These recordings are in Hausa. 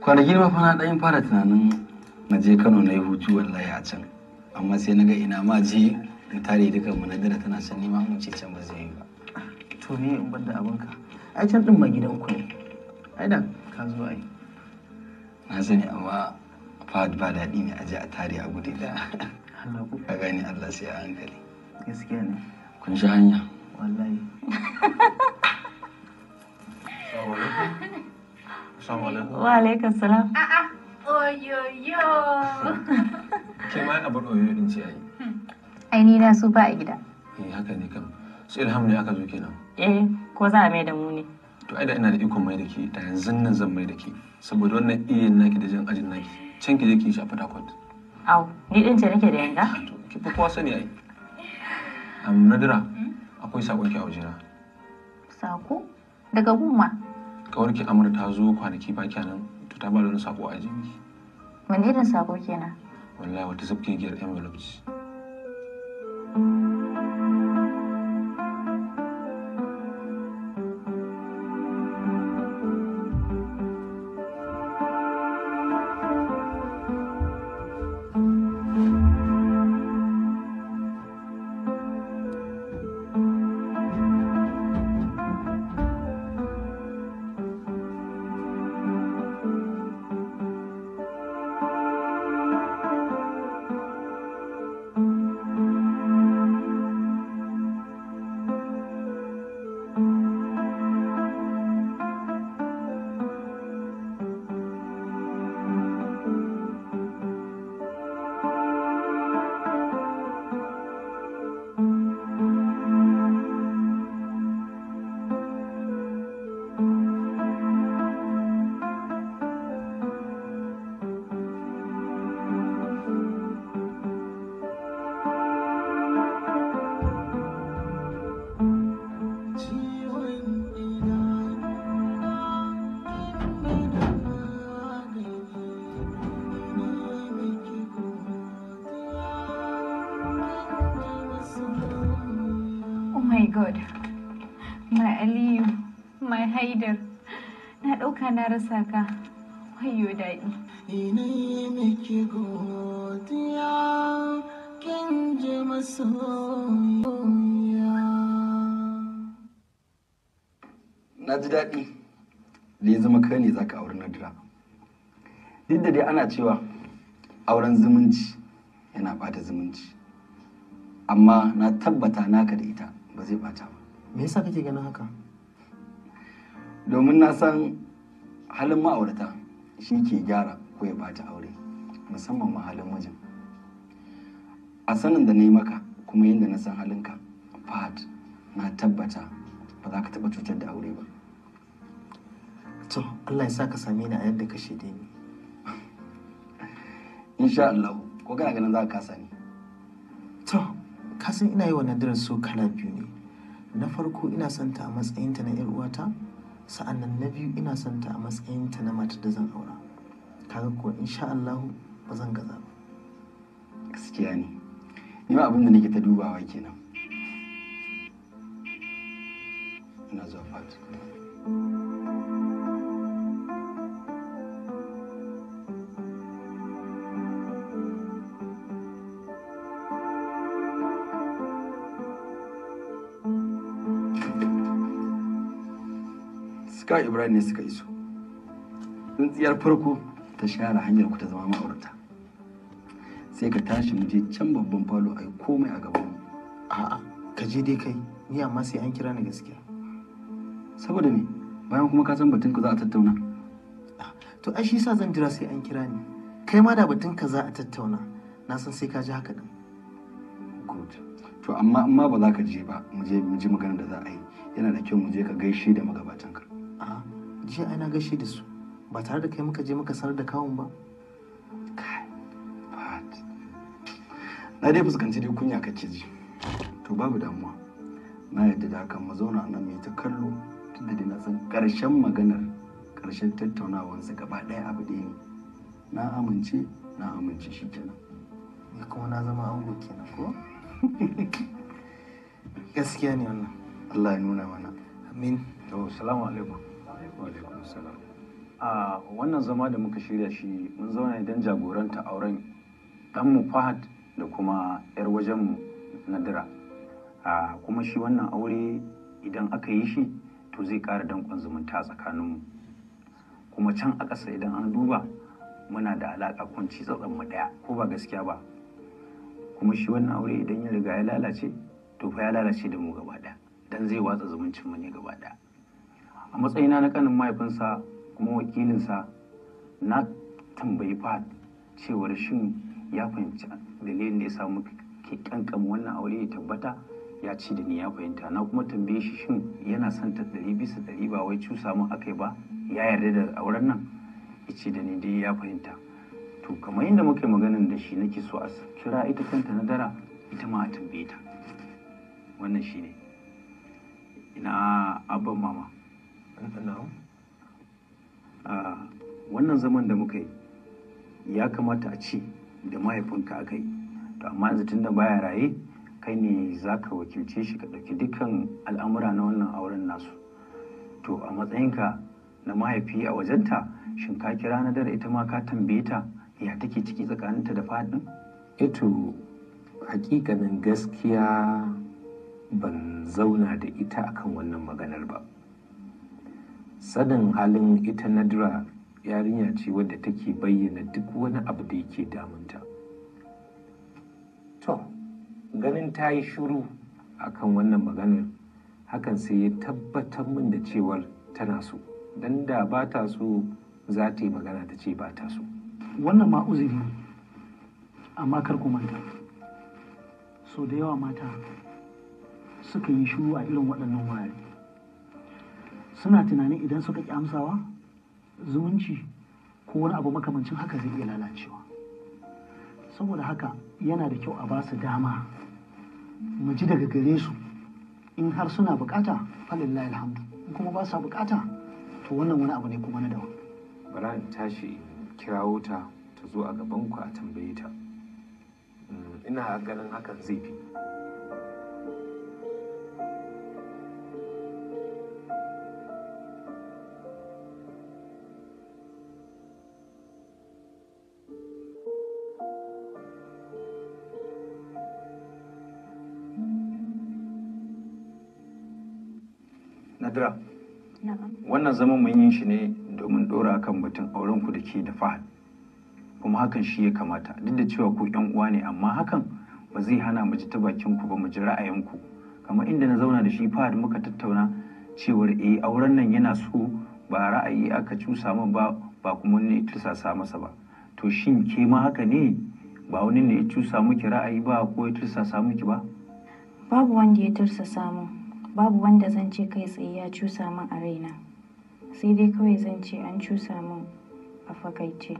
kwanaki ma fa na ɗan fara tunanin na je kano na yi hutu wallahi a can amma sai na ga ina ma je in tare duka munadara tana can nima mun ce can ba zai yi ba to me in banda abinka ai can din ma gidan ku ne ai da ka zo ai na sani amma fa ba daɗi ne a je a tare a gudu da ka gani Allah sai a hankali gaskiya ne kun sha hanya wallahi Wa alaikar salam. A'a, ah, ah. oyoyo. Ke ma abar oyoyo din ci ai. Hmm. Ai ni na su ba a gida. Eh haka ne kam. Su Ilham ne aka zo kenan. Eh, ko za a mai da mu ne. To ai da ina da ikon mai da ke da yanzu nan zan mai da ke saboda wannan iyayen naki da jan ajin naki. Can ki je ki shi a Port Harcourt. Au, ni din ce nake da yanga. Ah, to ki fi kowa sani ai. Am Nadira, hmm? akwai sakon ki a wajena. Sako? Daga gumma. kawarki amur ta zo kwanaki ba kenan to ta bada wani sako a jini wani irin sako kenan wallahi wata sabke giyar envelope na rasa ka wayo daɗi Ina yi miki godiya kin ji masoya? na ji daɗi da ya zama kai ne za ka auri nadira duk da dai ana cewa auren zumunci yana bata zumunci amma na tabbata naka da ita ba zai bata ba me yasa kake ganin haka domin na san halin ma'aurata shi ke gyara ko ya bata aure musamman ma halin mijin a sanin da na yi maka kuma yadda na san halinka fahad na tabbata ba za ka taɓa cutar da aure ba to allah ya sa ka same ni a yadda ka shaide ni insha allah ko kana ganin za ka kasa ni to kasan ina yi wa nadirar so kala biyu ne na farko ina son ta a matsayinta na 'yar uwata sa'annan na biyu ina son ta a matsayin ta na mata da zan aura kaga ko insha Allah ba zan gaza ba gaskiya ne ni ma abin da nake ta dubawa kenan ina zuwa fatu suka ibrahim ne suka iso tsintsiyar farko ta share hanyar ku ta zama ma'aurata sai ka tashi mu je can babban falo a yi komai a gaban a'a ka je dai kai ni amma sai an kira ni gaskiya saboda me bayan kuma ka san batun ka za a tattauna to ai shi sa zan jira sai an kira ni kai ma da batun ka za a tattauna na san sai ka ji haka din good to amma amma ba za ka je ba mu je mu ji maganar da za a yi yana da kyau mu je ka gaishe da magabatan ka. jiya ana gashi da su ba tare da kai muka je muka sanar da kawun ba na dai fuskanci dai kunya kake ji to babu damuwa na yadda da hakan mu zauna nan mai ta kallo tunda dai na san karshen maganar karshen su gaba ɗaya abu ɗaya ne na amince na amince shi kenan ni kuma na zama ango kenan ko gaskiya ne wannan Allah ya nuna mana amin to assalamu alaikum a wannan zama da muka shirya shi mun zauna don jagoranta auren ɗanmu fahad da kuma 'yar wajenmu nadira kuma shi wannan aure idan aka yi shi to zai ƙara danƙon zumunta tsakaninmu kuma can a ƙasa idan an duba muna da alaƙa kunci mu ɗaya ko ba gaskiya ba kuma shi wannan aure idan ya riga ya lalace to fa ya lalace da mu gaba ɗaya don zai watsa zumuncinmu ne gaba ɗaya a matsayina na kanin mahaifinsa kuma wakilinsa na tambayi fahad cewar shin ya fahimci dalilin da ya samu ke kankama wannan aure ya tabbata ya ci da ni ya fahimta na kuma tambaye shi shin yana son ta ɗari bisa ɗari ba wai cusa mun akai ba ya yarda da auren nan ya ci da ni dai ya fahimta to kamar yadda muka yi maganin da shi nake so a kira ita kanta na dara ita ma a tambaye ta wannan shi ne ina abban mama a ah, wannan zaman da muka yi ya kamata a ce da mahaifinka aka yi to amma yanzu da baya raye kai ne za ka wakilce shi ka ɗauki dukkan al'amura na wannan auren nasu to a matsayinka na mahaifi a wajenta shin ka kira na dare ita ma ka tambaye ta ya take ciki tsakaninta da faɗin? eto eh hakikanin gaskiya ban zauna da ita akan wannan maganar ba sanin halin ita nadira yarinya ce wadda take bayyana duk wani abu da yake damunta to ganin ta yi shuru akan wannan maganar hakan sai ya tabbatar min da cewar tana so don da ba ta so za ta yi magana ta ce ba ta so wannan ma uzuri amma kar ku manta so da yawa mata suka yi shuru a irin waɗannan wayari suna tunanin idan suka ƙi amsawa zumunci ko wani abu makamancin haka zai iya lalacewa saboda haka yana da kyau a ba su dama mu ji daga gare su in har suna bukata falillahi alhamdu in kuma ba sa bukata to wannan wani abu ne kuma na dawa bara in tashi kirawo ta ta zo a gaban ku a tambaye ta mm, ina ganin hakan zai fi Nadira. Wannan zaman mun yi shi ne domin ɗora kan mutum auren ku da ke da Fahad. Kuma hakan shi ya kamata duk da cewa ku ƴan uwa ne amma hakan ba zai hana mu ji ta bakin ku ba mu ji ra'ayin ku. Kamar inda na zauna da shi Fahad muka tattauna cewar eh auren nan yana so ba ra'ayi aka cusa min ba ba kuma ni tursasa masa ba. To shin ke ma haka ne ba wani ne ya cusa miki ra'ayi ba ko ya tursasa miki ba? Babu wanda ya tursasa min. babu wanda zan ce kai tsaye ya cusa min a raina sai dai kawai zan ce an cusa min a fakaice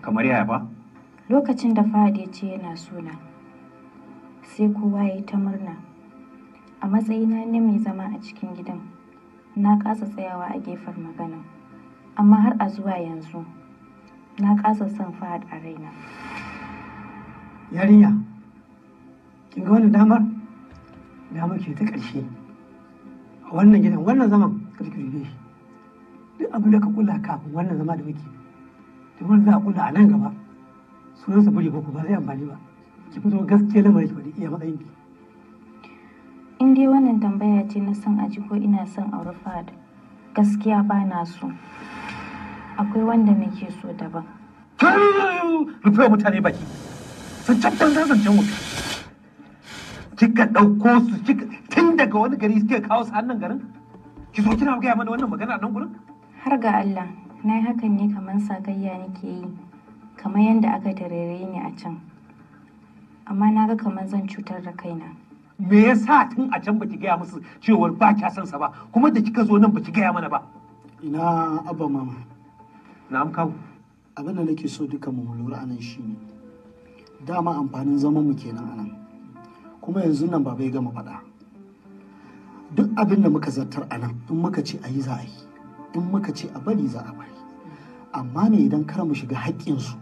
kamar yaya ba lokacin da fahad ya ce yana suna sai kowa ya yi ta murna a matsayina ne mai zama a cikin gidan na kasa tsayawa a gefen magana amma har a zuwa yanzu na kasa son fahad a raina yarinya kin ga wannan damar damar ke ta ƙarshe a wannan gidan wannan zaman ka rube shi duk abin da ka kula kafin wannan zama da muke duk wanda za a kula a nan gaba sunansa buri ba ba zai amfani ba ki fito gaskiya lamarin ki ba iya matsayin ki in dai wannan tambaya ce na son aji ko ina son aure da gaskiya ba na so akwai wanda nake so daban rufe mutane baki zancen banza zancen wuta kika ɗauko su tun daga wani gari suke kawo su hannun garin ki zo kina gaya mana wannan magana nan gurin har ga Allah na yi hakan ne kamar sakayya nake yi kamar yadda aka tarere ni a can amma na ga kamar zan cutar da kaina me yasa tun a can baki gaya musu cewar ba kya son sa ba kuma da kika zo nan baki gaya mana ba ina abba mama na amkawo abin da nake so duka mu lura anan shine dama amfanin zaman mu kenan anan kuma yanzu nan ba bai gama faɗa duk abin da muka zartar anan in muka ce a yi za a yi in muka ce a bari za a bari amma ne idan kar mu shiga haƙƙinsu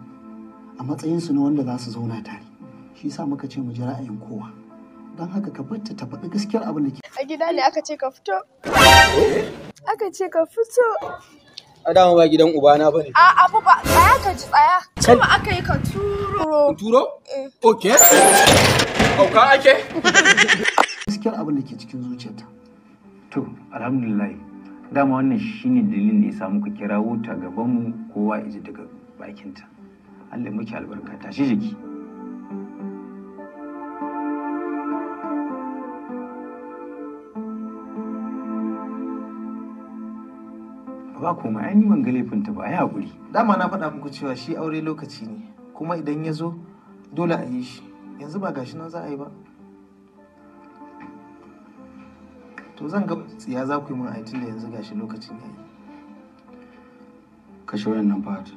a matsayinsu na wanda za su zauna tare shi sa muka ce mu ji ra'ayin kowa don haka ka bata ta faɗi gaskiyar abin da ke a gida ne aka ce ka fito eh? aka ce ka fito a dama ba gidan ubana bane. ne a'a ba tsaya ka ji tsaya kuma aka yi ka tu turo eh. ok auka ake gaskiyar abin da ke cikin zuciyarta to alhamdulillah dama wannan shine dalilin da ya samu ka kirawo ta gaban kowa ya daga bakinta Allah muke albarka tashi jiki ba komai ai ni ba hakuri dama na faɗa muku cewa shi aure lokaci ne kuma idan ya zo dole a yi shi yanzu ba gashi nan za a yi ba to zan ga tsiya za ku yi mun aitin da yanzu gashi lokacin ya yi kashe wayan nan fahad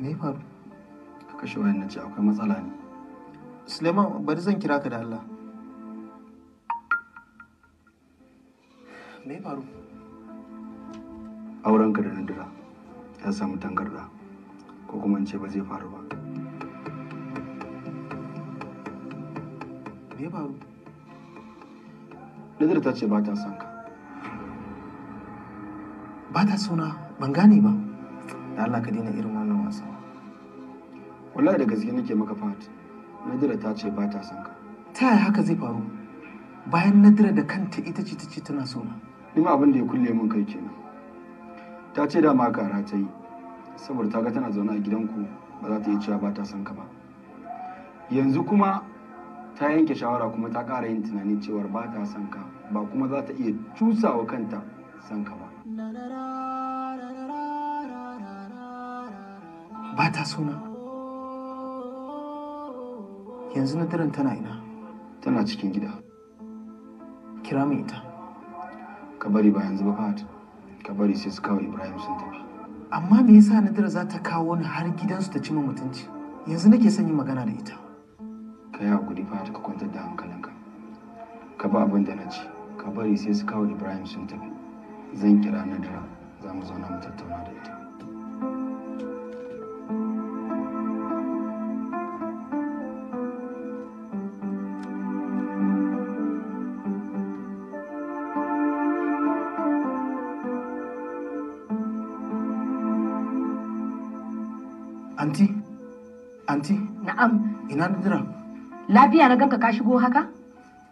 me faru kashe wayan nan ce akwai matsala ne suleiman bari zan kira ka da allah me faru aurenka da nadira ya samu tangarda ko kuma in ce ba zai faru ba me faru Lidar ta ce ba ta son ka ba ta sona ban gane ba da Allah ka daina irin wannan wasa wallahi da gaske nake maka fati Nadira ta ce ba ta son ka ta yaya haka zai faru bayan Nadira da kanta ita ce ta ce tana sona ni ma abin da ya kulle min kai kenan ta ce dama kara ta yi saboda ta ga tana zaune a gidanku ba za ta yi cewa ba ta son ka ba yanzu kuma ta yanke shawara kuma ta ƙara yin tunani cewar ba ta son ka ba kuma za ta iya cusawa kanta son ka ba ba ta suna yanzu na daren tana ina tana cikin gida kira mai ita ka bari ba yanzu ba fahad ka bari sai su kawo ibrahim sun tafi amma me yasa nadira za ta kawo wani har gidansu ta ci mutunci yanzu nake son yin magana da ita ka yi hakuri fa ka kwantar da hankalinka ka ba abin da na ci ka bari sai su kawo ibrahim sun tafi zan kira nadira za mu zauna mu tattauna da ita Ina da Lafiya na ganka ka shigo haka?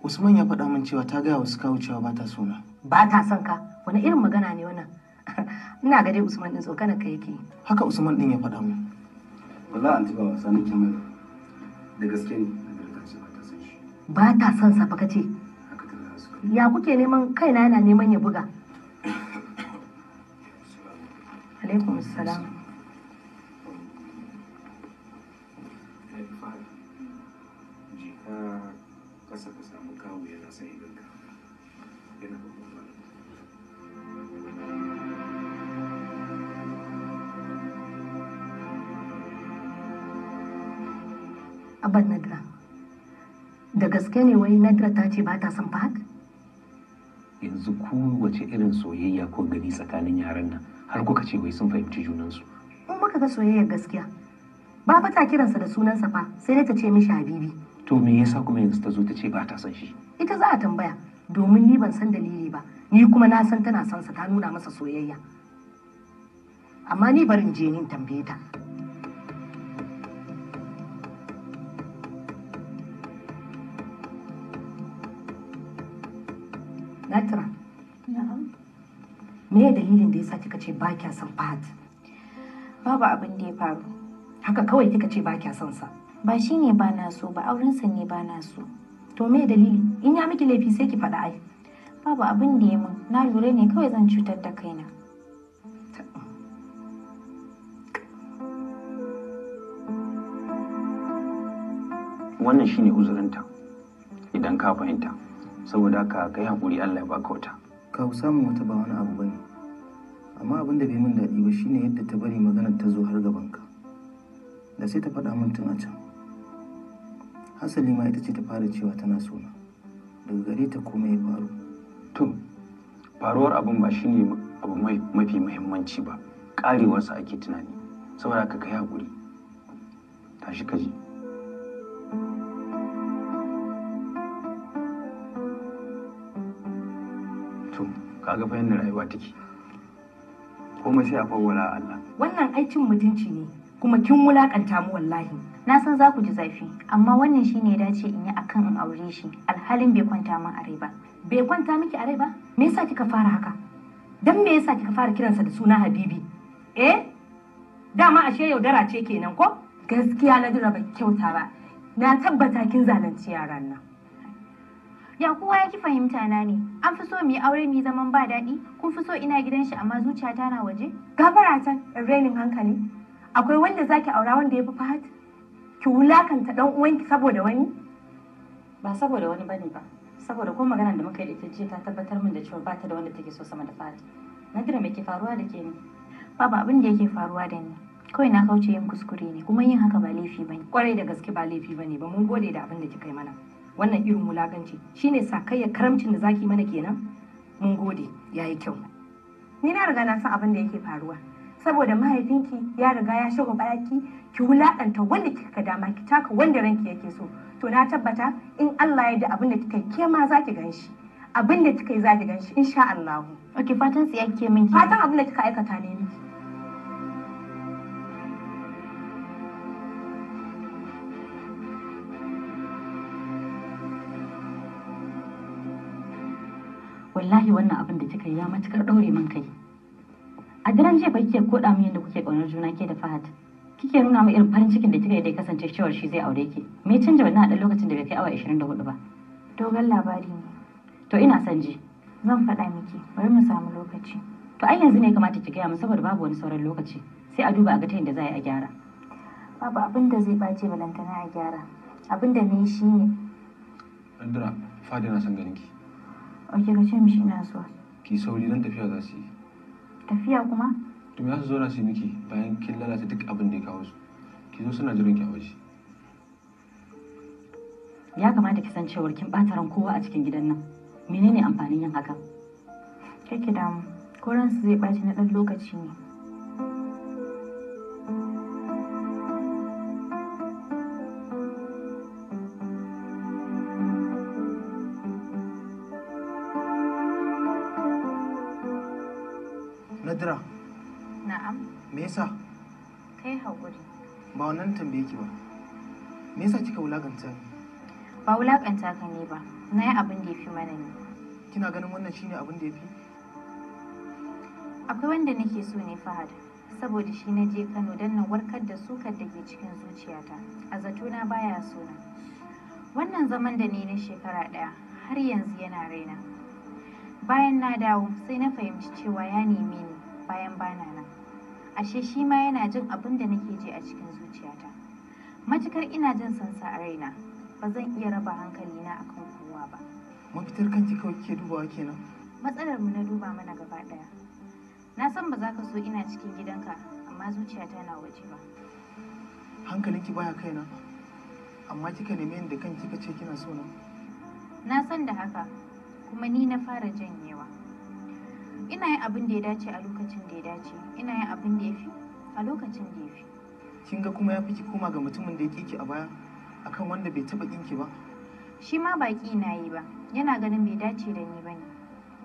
Usman ya faɗa min cewa ta gaya wasu kawo cewa ba ta sona. Ba ta son ka? Wani irin magana ne wannan? Ina ga dai Usman din tsokanar ka yake. Haka Usman din ya faɗa min. Wallahi anti ba wasa nake mai. Da gaske ne ba ta son shi. Ba ta son sa fa kace. Ya kuke neman kaina yana neman ya buga. Alaikum salam. kasa ka samu kawo yana son idan ka yana babban malam abin nadra da gaske ne wai nadra ta ce ba ta son fahad yanzu ku wace irin soyayya ko gani tsakanin yaran nan har kuka ce wai sun fahimci junansu in muka ga soyayyar gaskiya ba ta kiransa da sunansa fa sai dai ta ce mishi habibi to me yasa kuma yanzu ta zo ta ce ba ta san shi ita za a tambaya domin ni ban san dalili ba ni kuma na san tana son sa ta nuna masa soyayya amma ni barin je ni tambaye ta Natra, me dalilin da ya sa kika ce ba kya son Fahad? Babu abin da ya faru. Haka kawai kika ce ba kya son sa. ba shi ne ba na so ba aurensa ne ba na so to me dalili in ya miki laifi sai ki faɗa ai babu abin da ya min na lura ne kawai zan cutar da kaina wannan shine uzurinta idan ka fahimta saboda haka kai hakuri Allah ya baka wata ka samun wata ba wani abu bane amma abin da bai min daɗi ba shine yadda ta bari maganar ta zo har gaban ka da sai ta faɗa min tun a can hasali ma ita ce ta fara cewa tana sona daga gare ta komai ya faru to faruwar abin ba shine abu mafi muhimmanci ba karewarsa ake tunani saboda ka kai hakuri tashi ka ji. to kaga fa yadda rayuwa take komai sai a fawwala Allah wannan aikin mutunci ne kuma kin wulakanta mu wallahi na san za ku ji zafi amma wannan shi shine dace in yi akan in aure shi alhalin bai kwanta min a rai ba bai kwanta miki a rai ba me yasa kika fara haka dan me yasa kika fara kiransa da suna habibi eh dama ashe yaudara ce kenan ko gaskiya na jira ba kyauta ba na tabbata kin zalunci yaran nan ya kowa ya ki fahimta na ne an fi so mu yi aure mu zaman ba daɗi kun fi so ina gidan shi amma zuciya tana waje gafara ta rainin hankali akwai wanda zaki aura wanda ya fi fahad ki wulakanta dan uwanki saboda wani ba saboda wani bane ba saboda ko maganar da muka yi da ita jiya ta tabbatar min da cewa ba ta da wanda take so sama da fahad nadira mai ke faruwa da ke ne Baba, abin da yake faruwa da ni kawai na kauce yin kuskure ne kuma yin haka ba laifi bane kwarai da gaske ba laifi bane ba mun gode da abin da kika yi mana wannan irin wulakanci shine sakayya karamcin da zaki mana kenan mun gode yayi kyau ni na riga na san abin da yake faruwa saboda mahaifinki ya riga ya shiga baki ki wulakanta wanda kika dama ki taka wanda ranki yake so to na tabbata in Allah ya da abin da kika yi ke ma za ki ganshi abin da kika yi za ki ganshi insha Allah ok fatan tsiya ke min fatan abin da kika aikata ne miki wallahi wannan abin da kika yi ya matukar daure min kai a daren jiya ba kike koda mu yadda kuke ƙaunar juna ke da Fahad kike nuna mu irin farin cikin da kika da ya kasance cewar shi zai aure ki me canja wannan a ɗan lokacin da bai kai awa 24 ba dogon labari ne to ina son ji zan faɗa miki bari mu samu lokaci to ai yanzu ne kamata ki gaya mu saboda babu wani sauran lokaci sai a duba a ga ta yadda za a gyara babu abin da zai ɓace balantana a gyara abin da ne shi ne Andra, fadi na san ganin ki. Ok, ka ce mishi ina zuwa. Ki sauri don tafiya za su yi. Tafiya kuma? To ya su zo na su miki bayan kin lalata duk abin da ya kawo su. Ki zo suna jirin ki a waje. Ya kamata ki san cewar kin bata ran kowa a cikin gidan nan. Menene amfanin yin hakan? Kake damu. Koran su zai ɓaci na ɗan lokaci ne. yasa? Kai haƙuri. Ba wannan tambaye ki ba. Me yasa kika wulakanta ni? Ba wulakanta ka ne ba. Na yi abin da ya fi mana ne. Kina ganin wannan shine abin da ya fi? Akwai wanda nake so ne Fahad. Saboda shi na je Kano don na warkar da sukar da ke cikin zuciyata. A zato na baya na. Wannan zaman da ni na shekara ɗaya har yanzu yana raina. Bayan na dawo sai na fahimci cewa ya neme ni bayan bana na. ashe shi ma yana jin abin da nake ji a cikin zuciyata matukar ina jin sansa a raina ba zan iya raba hankalina akan kowa ba mafitar kanki kawai ke dubawa kenan matsalar mu na duba mana gaba daya na san ba za ka so ina cikin gidanka amma zuciyata na waje ba hankalinki baya kaina amma kika neme inda kanki kace kina so na na san da haka kuma ni na fara janyewa ina yin abin da ya dace a lokacin da ya dace ina yin abin da ya fi a lokacin da ya fi kin ga kuma ya fi ki koma ga mutumin da ya ki a baya akan wanda bai taba kinki ba shi ma baki na yi ba yana ganin bai dace da ni bane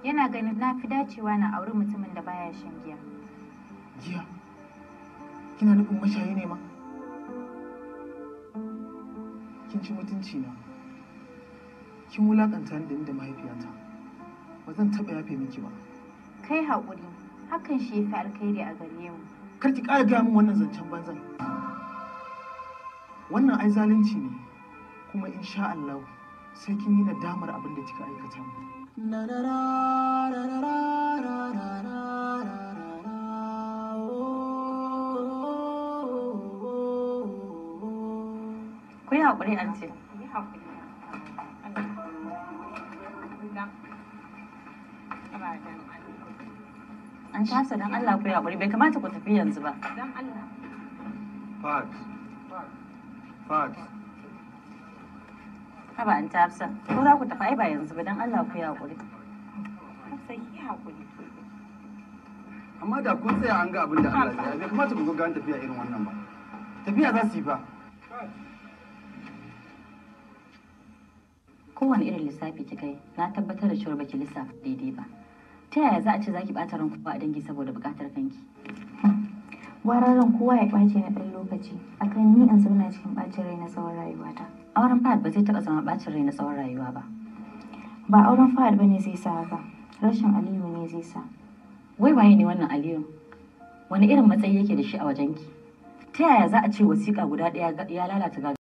yana ganin na fi dacewa na auri mutumin da baya shan giya giya kina nufin mashayi ne ma kin ci mutunci na kin wulakanta ni da mahaifiyata ba zan taba yafe miki ba kai haƙuri hakan shi ya fi alkhairi a gare mu kar ki ƙara gaya min wannan zancen banzan wannan ai zalunci ne kuma insha Allah sai kin yi nadamar abin da kika aikata ku yi haƙuri an tasa don Allah ku yi haƙuri bai kamata ku tafi yanzu ba. Fat. Fat. Haba an tafsa, ko za ku tafi ai ba yanzu ba don Allah ku yi haƙuri. Hafsa yi haƙuri. Amma da kun tsaya an ga abin da Allah ya bai kamata ku gaggawa tafiya irin wannan ba. Tafiya za su yi ba. Kowane irin lissafi kika yi, na tabbatar da cewa baki lissafa daidai ba. ta yaya za a ce za ki ɓata ran kowa a dangi saboda buƙatar kanki ran kowa ya ɓace na ɗan lokaci akan ni in zauna cikin ɓacin rai na tsawon rayuwata auren fahad ba zai taɓa zama ɓacin rai na tsawon rayuwa ba ba auren fahad ba ne zai sa haka rashin aliyu ne zai sa wai waye ne wannan aliyu wani irin matsayi yake da shi a wajenki ta yaya za a ce wasiƙa guda ɗaya ya lalata